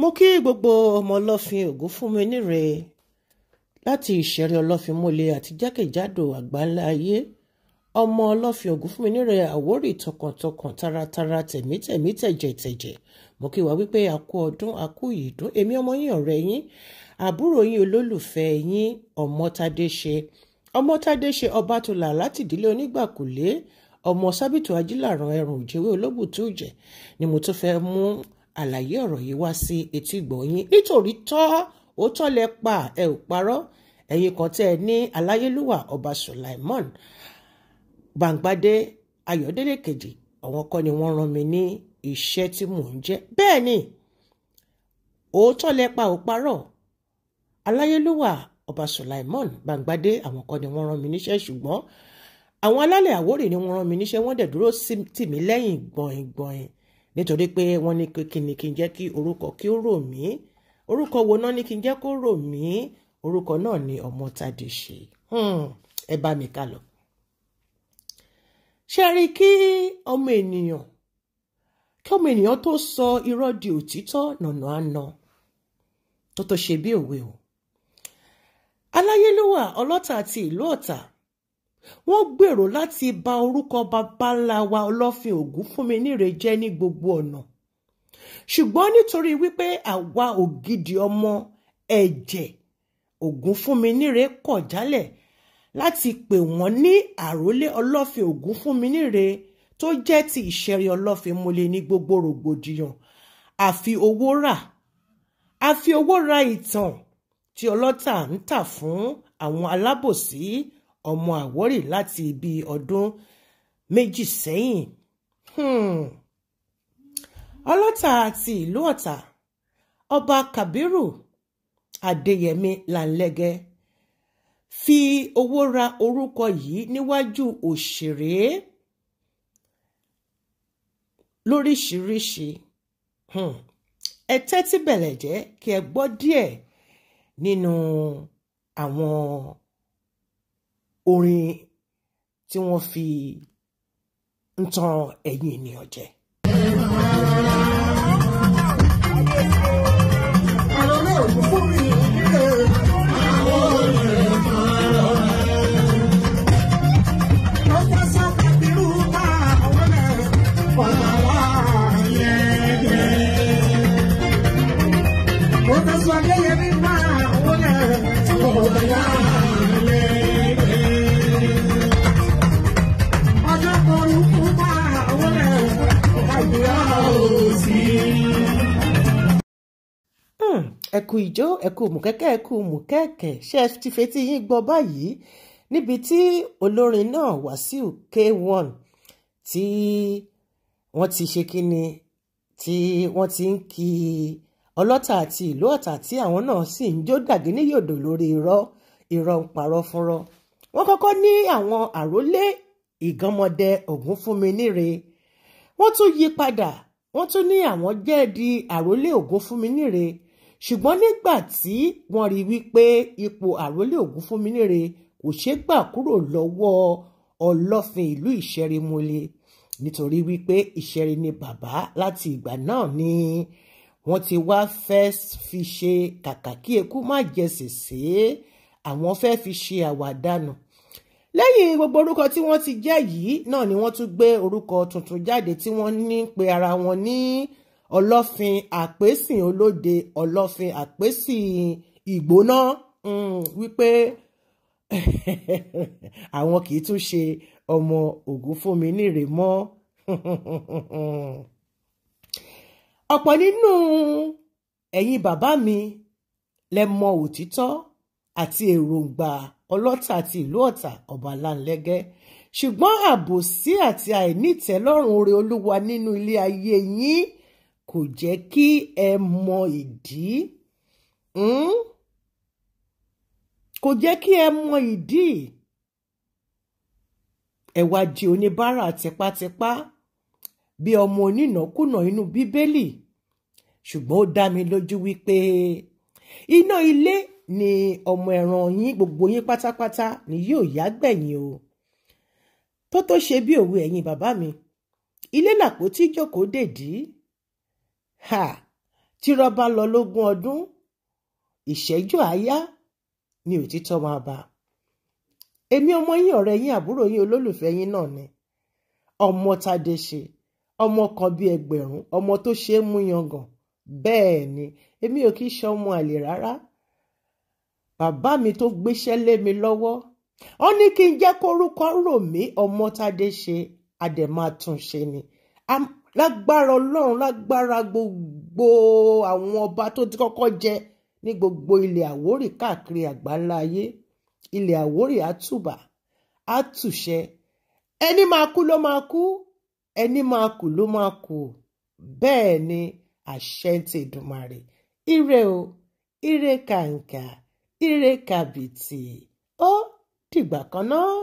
mo kí gbogbo ọmọ ọlọ́fin Ògúnfúnmi níre láti ìṣẹ̀rí ọlọ́fin mọ́lẹ̀ àti jákèjádò àgbáńlá ayé ọmọ ọlọ́fin Ògúnfúnmi níre àwórì tọkàntọkàn taratara tẹ̀mítẹ̀mí tẹ̀jẹ̀tẹ̀jẹ̀ mo kí wa wípé a kú ọdún a kú ìdún èmi ọmọ yín ọ̀rẹ́ yín àbúrò yín olólùfẹ́ yín Ọmọ́tádéṣe Ọmọ́tádéṣe Ọbátulà láti ìdílé Onígbàkúlé ọmọ Sábìtù Ajílàrán ẹrùn òjèwé olóbùtújẹ ni mo tún fẹ́ mú àlàyé ọ̀rọ̀ yìí wá sí etí gbọ̀nyìn nítorí tọ́ ó tọ́ lẹ pa ẹ ò parọ́ ẹ̀yin kan tẹ́ ẹ ní aláyélúwà ọba Sulaimon Bàǹgbàdé Ayọ̀délé kejì àwọn kan ni wọ́n rán mi ní iṣẹ́ tí mò ń jẹ́ bẹ́ẹ̀ ni òótọ́ lẹ pa ò parọ́ aláyélúwà ọba Sulaimon Bàǹgbàdé àwọn kan ni wọ́n rán mi níṣẹ́ ṣùgbọ́n àwọn alálẹ̀ Àwórì ni wọ́n rán mi níṣẹ́ wọ́n dẹ̀ dúró tì mí lẹ́yìn gbọ̀ngbọ̀n nítorí pé wọ́n ní kí ni kí n jẹ́ kí orúkọ kí ó rò mí orúkọ wo náà ní kí n jẹ́ kó rò mí orúkọ náà ni Ọmọ́tádéṣe hmm, ẹ bá mi kà lọ. ṣe rí kí ọmọ ènìyàn kí ọmọ ènìyàn tó sọ irọ́ di òtítọ́ nànà àná tó tó ṣe bí òwe o. aláyélúwà ọlọ́tà àti ìlú ọ̀tà wọ́n gbèrò láti ba orúkọ bàbá ńlá wa ọlọ́fin Ògúnfúnmi níre jẹ́ ní gbogbo ọ̀nà ṣùgbọ́n nítorí wípé àwa ògidì ọmọ ẹ̀jẹ̀ Ògúnfúnmi níre kọ̀ jálẹ̀ láti pè wọ́n ní àrólé ọlọ́fin Ògúnfúnmi níre tó jẹ́ ti ìṣẹ̀rí ọlọ́fin múlẹ̀ ní gbogbo rògbòdìyàn àfi owó rà àfi owó ra ìtàn tí ọlọ́tà ń tà fún àwọn alábòsí ọmọ Àwórì láti ibi ọdún méjì sẹ́yìn hmm. ọlọ́ta àti ìlú Ọ̀tà ọba Kàbírù Adéyẹmí Lánlẹ́gẹ́ fi owó ra orúkọ yìí níwájú òṣèré lóríṣiríṣi hmm. ẹ tẹ́tí bẹ̀lẹ̀ jẹ́ kí ẹ gbọ́ díẹ̀ nínú àwọn orin tí wọ́n fi ń tan ẹ̀yin ènìyàn jẹ. What does one ẹ kú ìjó ẹ kú mùkẹ́kẹ́ ẹ kú mùkẹ́kẹ́ ṣé ẹ ti fetí yín gbọ́ báyìí níbi tí olórin náà Wàsíù K1 tí wọ́n ti ṣe kíni tí wọ́n ti ń kí ọlọ́tà àti ìlú ọ̀tà tí àwọn náà sì ń jó dàgínní yòdò lórí irọ́ irọ́ ń parọ́ fúnrọ́ wọ́n kọ́kọ́ ní àwọn àrólé ìgànmọdẹ Ògúnfúnmi níre wọ́n tún yí padà wọ́n tún ní àwọn jẹ́ di àrólé Ògúnfúnmi níre ṣùgbọ́n nígbà tí wọ́n rí wípé ipò àrólé Ògúnfúnminíre kò ṣeé gbà kúrò lọ́wọ́ ọlọ́fin ìlú ìṣẹ́rìmọlé nítorí wípé ìṣẹ́rì ni bàbá láti ìgbà náà ni wọ́n ti wá fẹ́ fi ṣe kàkà kí eku má jẹ sèse àwọn fẹ́ fi ṣe àwàdànù lẹ́yìn gbogbo orúkọ tí wọ́n ti jẹ́ yìí náà ni wọ́n tún gbé orúkọ tuntun jáde tí wọ́n ní pe ara wọn ní. Ni ọlọ́fin àpèsìn olóde ọlọ́fin àpèsìn ìgbóná mm, wípé àwọn kì í tún ṣe ọmọ Ògúnfúnmi níre mọ́ ọ̀pọ̀ nínú ẹ̀yin bàbá mi lẹ mọ òtítọ́ àti èròǹgbà ọlọ́tà àti ìlú ọ̀tà ọba láńlẹ́gẹ́ ṣùgbọ́n àbòsí àti àìnítẹ́lọ́rùn oore olúwa nínú ilé ayé yín kò jẹ́ kí ẹ mọ ìdí hmm? kò jẹ́ kí ẹ mọ ìdí ẹ wá di oníbàárà tipátipá bí ọmọ onínàkúnà inú bíbélì ṣùgbọ́n ó dá mi lójú wípé iná ilé ni ọmọ ẹ̀ràn yín gbogbo yín pátápátá ni yóò yá gbẹ̀yìn o tó tó ṣe bí òwe ẹ̀yin bàbá mi ilé làpótí ìjókòó dèdí ha tírọ́ bá lọ lógún ọdún ìṣẹ́jú àáyá ni òtítọ́ máa bá èmi ọmọ yín ọ̀rẹ́ yín àbúrò yín olólùfẹ́ yín náà ni ọmọ tàdé ṣe ọmọ kan bíi ẹgbẹ̀rún ọmọ tó ṣe é mú yangàn bẹ́ẹ̀ ni èmi ò kì í ṣe ọmọ àlè rárá bàbá mi tó gbéṣẹ́ lé mi lọ́wọ́ ó ní kí n jẹ́ kórúkọ rò mí ọmọ tàdé ṣe adẹ̀ máa tún ni lágbára ọlọ́run lágbára gbogbo àwọn ọba tó ti kọ́kọ́ jẹ ní gbogbo ilẹ̀ àwórì káàkiri àgbáńlá ayé ilẹ̀ àwórì àtùbà àtùṣẹ ẹni máa kú ló máa kú ẹni máa kú ló máa kú bẹ́ẹ̀ ni àṣẹ ti Èdùmàrè ire o ire kàǹkà ire kàbìtì ó dìgbà kan náà.